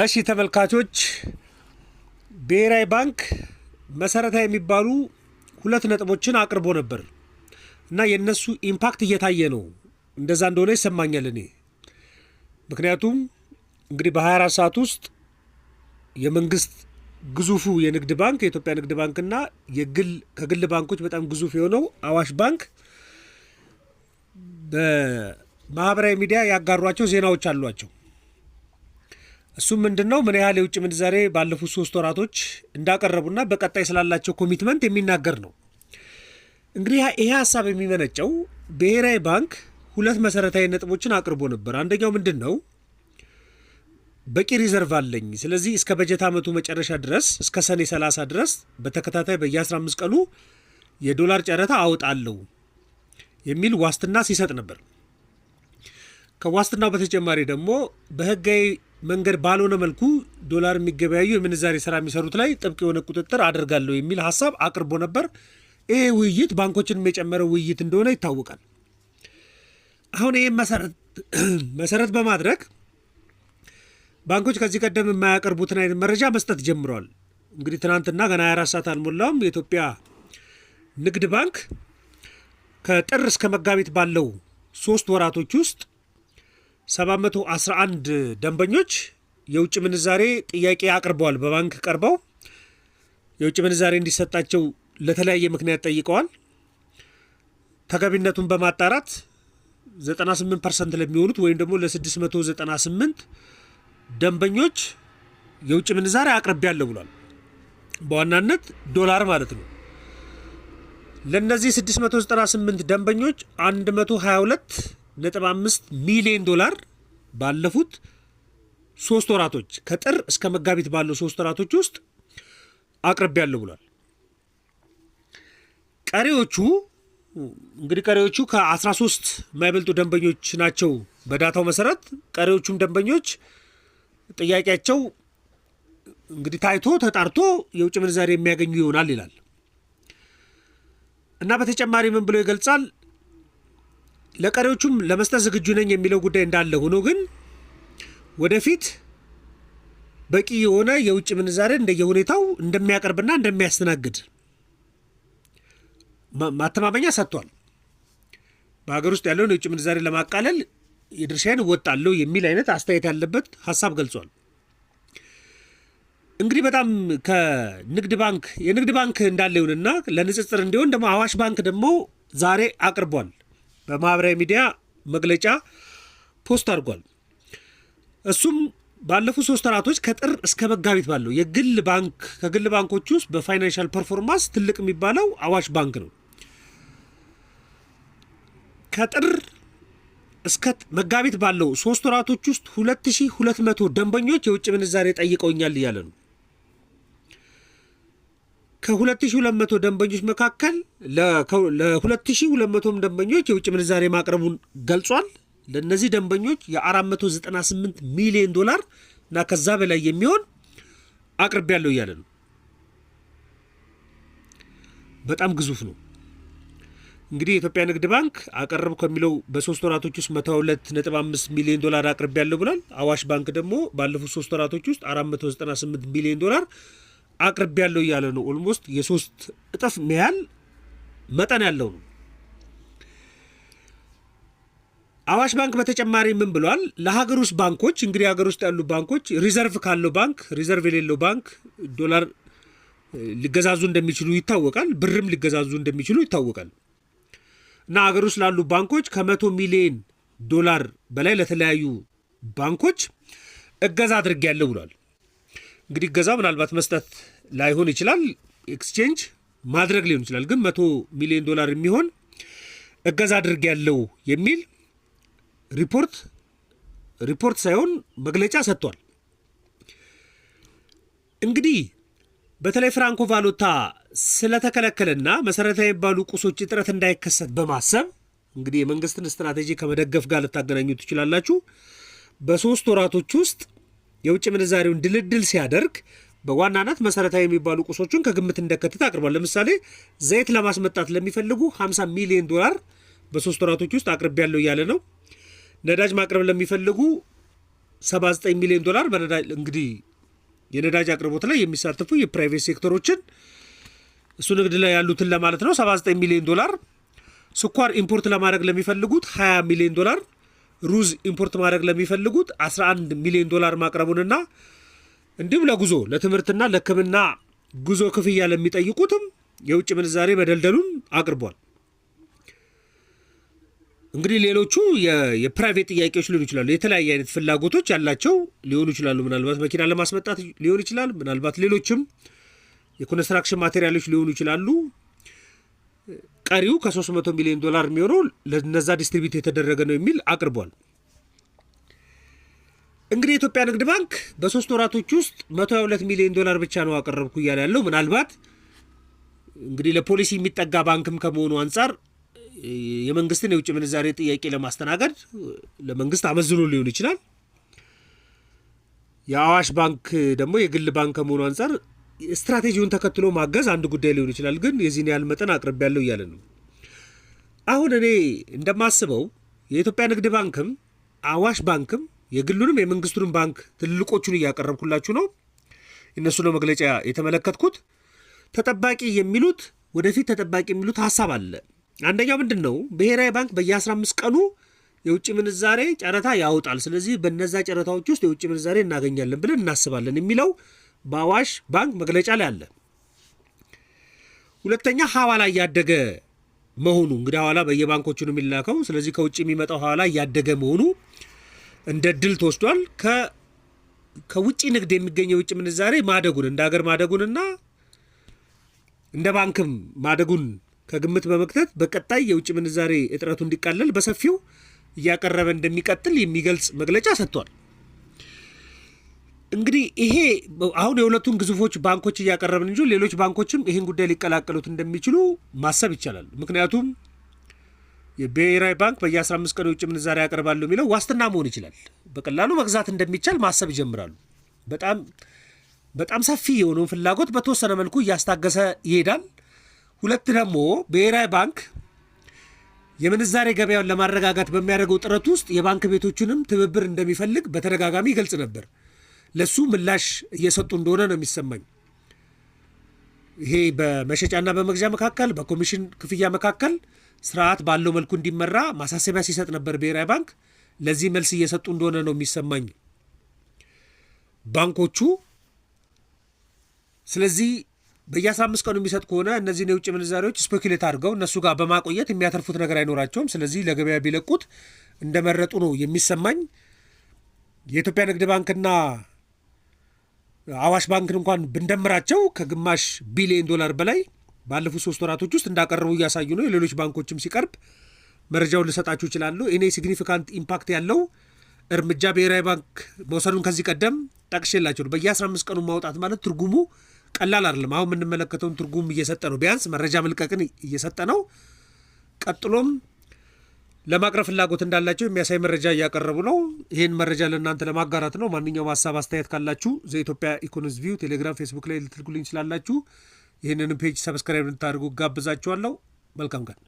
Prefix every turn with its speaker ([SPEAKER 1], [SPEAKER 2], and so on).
[SPEAKER 1] እሺ ተመልካቾች ብሔራዊ ባንክ መሰረታዊ የሚባሉ ሁለት ነጥቦችን አቅርቦ ነበር እና የእነሱ ኢምፓክት እየታየ ነው። እንደዛ እንደሆነ ይሰማኛል እኔ ምክንያቱም እንግዲህ በ24 ሰዓት ውስጥ የመንግስት ግዙፉ የንግድ ባንክ የኢትዮጵያ ንግድ ባንክና የግል ከግል ባንኮች በጣም ግዙፍ የሆነው አዋሽ ባንክ በማህበራዊ ሚዲያ ያጋሯቸው ዜናዎች አሏቸው። እሱም ምንድን ነው ምን ያህል የውጭ ምንዛሬ ባለፉት ሶስት ወራቶች እንዳቀረቡና በቀጣይ ስላላቸው ኮሚትመንት የሚናገር ነው። እንግዲህ ይሄ ሀሳብ የሚመነጨው ብሔራዊ ባንክ ሁለት መሰረታዊ ነጥቦችን አቅርቦ ነበር። አንደኛው ምንድን ነው በቂ ሪዘርቭ አለኝ፣ ስለዚህ እስከ በጀት ዓመቱ መጨረሻ ድረስ እስከ ሰኔ 30 ድረስ በተከታታይ በየ15 ቀኑ የዶላር ጨረታ አወጣለሁ የሚል ዋስትና ሲሰጥ ነበር። ከዋስትናው በተጨማሪ ደግሞ በህጋዊ መንገድ ባልሆነ መልኩ ዶላር የሚገበያዩ የምንዛሬ ስራ የሚሰሩት ላይ ጥብቅ የሆነ ቁጥጥር አድርጋለሁ የሚል ሀሳብ አቅርቦ ነበር። ይህ ውይይት ባንኮችንም የጨመረ ውይይት እንደሆነ ይታወቃል። አሁን ይህም መሰረት በማድረግ ባንኮች ከዚህ ቀደም የማያቀርቡትን አይነት መረጃ መስጠት ጀምረዋል። እንግዲህ ትናንትና ገና 24 ሰዓት አልሞላውም የኢትዮጵያ ንግድ ባንክ ከጥር እስከ መጋቢት ባለው ሶስት ወራቶች ውስጥ 711 ደንበኞች የውጭ ምንዛሬ ጥያቄ አቅርበዋል። በባንክ ቀርበው የውጭ ምንዛሬ እንዲሰጣቸው ለተለያየ ምክንያት ጠይቀዋል። ተገቢነቱን በማጣራት 98 ፐርሰንት ለሚሆኑት ወይም ደግሞ ለ698 ደንበኞች የውጭ ምንዛሬ ያለው ብሏል። በዋናነት ዶላር ማለት ነው። ለእነዚህ 698 ደንበኞች 122 ነጥብ አምስት ሚሊዮን ዶላር ባለፉት ሶስት ወራቶች ከጥር እስከ መጋቢት ባለው ሶስት ወራቶች ውስጥ አቅርቤያለሁ ብሏል። ቀሪዎቹ እንግዲህ ቀሪዎቹ ከ13 የማይበልጡ ደንበኞች ናቸው በዳታው መሰረት። ቀሪዎቹም ደንበኞች ጥያቄያቸው እንግዲህ ታይቶ ተጣርቶ የውጭ ምንዛሬ የሚያገኙ ይሆናል ይላል እና በተጨማሪ ምን ብሎ ይገልጻል? ለቀሪዎቹም ለመስጠት ዝግጁ ነኝ የሚለው ጉዳይ እንዳለ ሆኖ ግን ወደፊት በቂ የሆነ የውጭ ምንዛሬ እንደየሁኔታው እንደሚያቀርብና እንደሚያስተናግድ ማተማመኛ ሰጥቷል። በሀገር ውስጥ ያለውን የውጭ ምንዛሬ ለማቃለል የድርሻዬን እወጣለሁ የሚል አይነት አስተያየት ያለበት ሀሳብ ገልጿል። እንግዲህ በጣም ከንግድ ባንክ የንግድ ባንክ እንዳለ ይሁንና ለንጽጽር እንዲሆን ደግሞ አዋሽ ባንክ ደግሞ ዛሬ አቅርቧል በማህበራዊ ሚዲያ መግለጫ ፖስት አድርጓል። እሱም ባለፉት ሶስት ወራቶች ከጥር እስከ መጋቢት ባለው የግል ባንክ ከግል ባንኮች ውስጥ በፋይናንሻል ፐርፎርማንስ ትልቅ የሚባለው አዋሽ ባንክ ነው። ከጥር እስከ መጋቢት ባለው ሶስት ወራቶች ውስጥ 2200 ደንበኞች የውጭ ምንዛሬ ጠይቀውኛል እያለ ነው። ከ2200 ደንበኞች መካከል ለ2200 ደንበኞች የውጭ ምንዛሬ ማቅረቡን ገልጿል። ለእነዚህ ደንበኞች የ498 ሚሊዮን ዶላር እና ከዛ በላይ የሚሆን አቅርቤ ያለው እያለ ነው። በጣም ግዙፍ ነው። እንግዲህ የኢትዮጵያ ንግድ ባንክ አቀረብ ከሚለው በሶስት ወራቶች ውስጥ 125 ሚሊዮን ዶላር አቅርቤ ያለው ብሏል። አዋሽ ባንክ ደግሞ ባለፉት ሶስት ወራቶች ውስጥ 498 ሚሊዮን ዶላር አቅርብ ያለው እያለ ነው። ኦልሞስት የሶስት እጥፍ ያህል መጠን ያለው ነው። አዋሽ ባንክ በተጨማሪ ምን ብሏል? ለሀገር ውስጥ ባንኮች እንግዲህ ሀገር ውስጥ ያሉ ባንኮች ሪዘርቭ ካለው ባንክ ሪዘርቭ የሌለው ባንክ ዶላር ሊገዛዙ እንደሚችሉ ይታወቃል። ብርም ሊገዛዙ እንደሚችሉ ይታወቃል። እና ሀገር ውስጥ ላሉ ባንኮች ከመቶ ሚሊዮን ዶላር በላይ ለተለያዩ ባንኮች እገዛ አድርጌያለሁ ብሏል። እንግዲህ እገዛ ምናልባት መስጠት ላይሆን ይችላል ኤክስቼንጅ ማድረግ ሊሆን ይችላል። ግን መቶ ሚሊዮን ዶላር የሚሆን እገዛ አድርግ ያለው የሚል ሪፖርት ሪፖርት ሳይሆን መግለጫ ሰጥቷል። እንግዲህ በተለይ ፍራንኮ ቫሎታ ስለተከለከለና መሰረታዊ የሚባሉ ቁሶች እጥረት እንዳይከሰት በማሰብ እንግዲህ የመንግስትን ስትራቴጂ ከመደገፍ ጋር ልታገናኙ ትችላላችሁ። በሶስት ወራቶች ውስጥ የውጭ ምንዛሬውን ድልድል ሲያደርግ በዋናነት መሰረታዊ የሚባሉ ቁሶችን ከግምት እንደከተት አቅርቧል። ለምሳሌ ዘይት ለማስመጣት ለሚፈልጉ 50 ሚሊዮን ዶላር በሶስት ወራቶች ውስጥ አቅርብ ያለው እያለ ነው። ነዳጅ ማቅረብ ለሚፈልጉ 79 ሚሊዮን ዶላር በነዳጅ እንግዲህ የነዳጅ አቅርቦት ላይ የሚሳተፉ የፕራይቬት ሴክተሮችን እሱ ንግድ ላይ ያሉትን ለማለት ነው 79 ሚሊዮን ዶላር። ስኳር ኢምፖርት ለማድረግ ለሚፈልጉት 20 ሚሊዮን ዶላር፣ ሩዝ ኢምፖርት ማድረግ ለሚፈልጉት 11 ሚሊዮን ዶላር ማቅረቡንና እንዲሁም ለጉዞ ለትምህርትና ለህክምና ጉዞ ክፍያ ለሚጠይቁትም የውጭ ምንዛሬ መደልደሉን አቅርቧል። እንግዲህ ሌሎቹ የፕራይቬት ጥያቄዎች ሊሆኑ ይችላሉ። የተለያየ አይነት ፍላጎቶች ያላቸው ሊሆኑ ይችላሉ። ምናልባት መኪና ለማስመጣት ሊሆን ይችላል። ምናልባት ሌሎችም የኮንስትራክሽን ማቴሪያሎች ሊሆኑ ይችላሉ። ቀሪው ከ300 ሚሊዮን ዶላር የሚሆነው ለነዛ ዲስትሪቢት የተደረገ ነው የሚል አቅርቧል። እንግዲህ የኢትዮጵያ ንግድ ባንክ በሶስት ወራቶች ውስጥ 122 ሚሊዮን ዶላር ብቻ ነው አቀረብኩ እያለ ያለው ምናልባት እንግዲህ ለፖሊሲ የሚጠጋ ባንክም ከመሆኑ አንጻር የመንግስትን የውጭ ምንዛሬ ጥያቄ ለማስተናገድ ለመንግስት አመዝኖ ሊሆን ይችላል። የአዋሽ ባንክ ደግሞ የግል ባንክ ከመሆኑ አንጻር ስትራቴጂውን ተከትሎ ማገዝ አንድ ጉዳይ ሊሆን ይችላል። ግን የዚህን ያህል መጠን አቅርብ ያለው እያለ ነው። አሁን እኔ እንደማስበው የኢትዮጵያ ንግድ ባንክም አዋሽ ባንክም የግሉንም የመንግስቱንም ባንክ ትልቆቹን እያቀረብኩላችሁ ነው። እነሱ ነው መግለጫ የተመለከትኩት። ተጠባቂ የሚሉት ወደፊት ተጠባቂ የሚሉት ሀሳብ አለ። አንደኛው ምንድን ነው? ብሔራዊ ባንክ በየ15 ቀኑ የውጭ ምንዛሬ ጨረታ ያወጣል። ስለዚህ በነዛ ጨረታዎች ውስጥ የውጭ ምንዛሬ እናገኛለን ብለን እናስባለን የሚለው በአዋሽ ባንክ መግለጫ ላይ አለ። ሁለተኛ ሐዋላ እያደገ መሆኑ እንግዲህ ሐዋላ በየባንኮቹ ነው የሚላከው። ስለዚህ ከውጭ የሚመጣው ሀዋላ እያደገ መሆኑ እንደ ድል ተወስዷል። ከውጭ ንግድ የሚገኘው የውጭ ምንዛሬ ማደጉን እንደ ሀገር ማደጉንና እንደ ባንክም ማደጉን ከግምት በመክተት በቀጣይ የውጭ ምንዛሬ እጥረቱ እንዲቃለል በሰፊው እያቀረበ እንደሚቀጥል የሚገልጽ መግለጫ ሰጥቷል። እንግዲህ ይሄ አሁን የሁለቱን ግዙፎች ባንኮች እያቀረብን እንጂ ሌሎች ባንኮችም ይህን ጉዳይ ሊቀላቀሉት እንደሚችሉ ማሰብ ይቻላል። ምክንያቱም የብሔራዊ ባንክ በየ15 ቀን የውጭ ምንዛሪ ያቀርባሉ የሚለው ዋስትና መሆን ይችላል። በቀላሉ መግዛት እንደሚቻል ማሰብ ይጀምራሉ። በጣም በጣም ሰፊ የሆነውን ፍላጎት በተወሰነ መልኩ እያስታገሰ ይሄዳል። ሁለት ደግሞ ብሔራዊ ባንክ የምንዛሬ ገበያውን ለማረጋጋት በሚያደርገው ጥረት ውስጥ የባንክ ቤቶችንም ትብብር እንደሚፈልግ በተደጋጋሚ ይገልጽ ነበር። ለሱ ምላሽ እየሰጡ እንደሆነ ነው የሚሰማኝ። ይሄ በመሸጫና በመግዣ መካከል በኮሚሽን ክፍያ መካከል ስርዓት ባለው መልኩ እንዲመራ ማሳሰቢያ ሲሰጥ ነበር ብሔራዊ ባንክ። ለዚህ መልስ እየሰጡ እንደሆነ ነው የሚሰማኝ ባንኮቹ። ስለዚህ በየ አምስት ቀኑ የሚሰጥ ከሆነ እነዚህን የውጭ ምንዛሪዎች ስፔኪሌት አድርገው እነሱ ጋር በማቆየት የሚያተርፉት ነገር አይኖራቸውም። ስለዚህ ለገበያ ቢለቁት እንደመረጡ ነው የሚሰማኝ። የኢትዮጵያ ንግድ ባንክና አዋሽ ባንክን እንኳን ብንደምራቸው ከግማሽ ቢሊዮን ዶላር በላይ ባለፉት ሶስት ወራቶች ውስጥ እንዳቀረቡ እያሳዩ ነው። የሌሎች ባንኮችም ሲቀርብ መረጃውን ልሰጣችሁ ይችላሉ። እኔ ሲግኒፊካንት ኢምፓክት ያለው እርምጃ ብሔራዊ ባንክ መውሰዱን ከዚህ ቀደም ጠቅሼላቸው ነው። በየ15 ቀኑ ማውጣት ማለት ትርጉሙ ቀላል አይደለም። አሁን የምንመለከተውን ትርጉም እየሰጠ ነው። ቢያንስ መረጃ መልቀቅን እየሰጠ ነው። ቀጥሎም ለማቅረብ ፍላጎት እንዳላቸው የሚያሳይ መረጃ እያቀረቡ ነው። ይህን መረጃ ለእናንተ ለማጋራት ነው። ማንኛውም ሀሳብ አስተያየት ካላችሁ ዘኢትዮጵያ ኢኮኖሚስ ቪው ቴሌግራም፣ ፌስቡክ ላይ ልትልኩልኝ ይችላላችሁ። ይህንንም ፔጅ ሰብስክራይብ እንድታደርጉ ጋብዛችኋለሁ። መልካም ቀን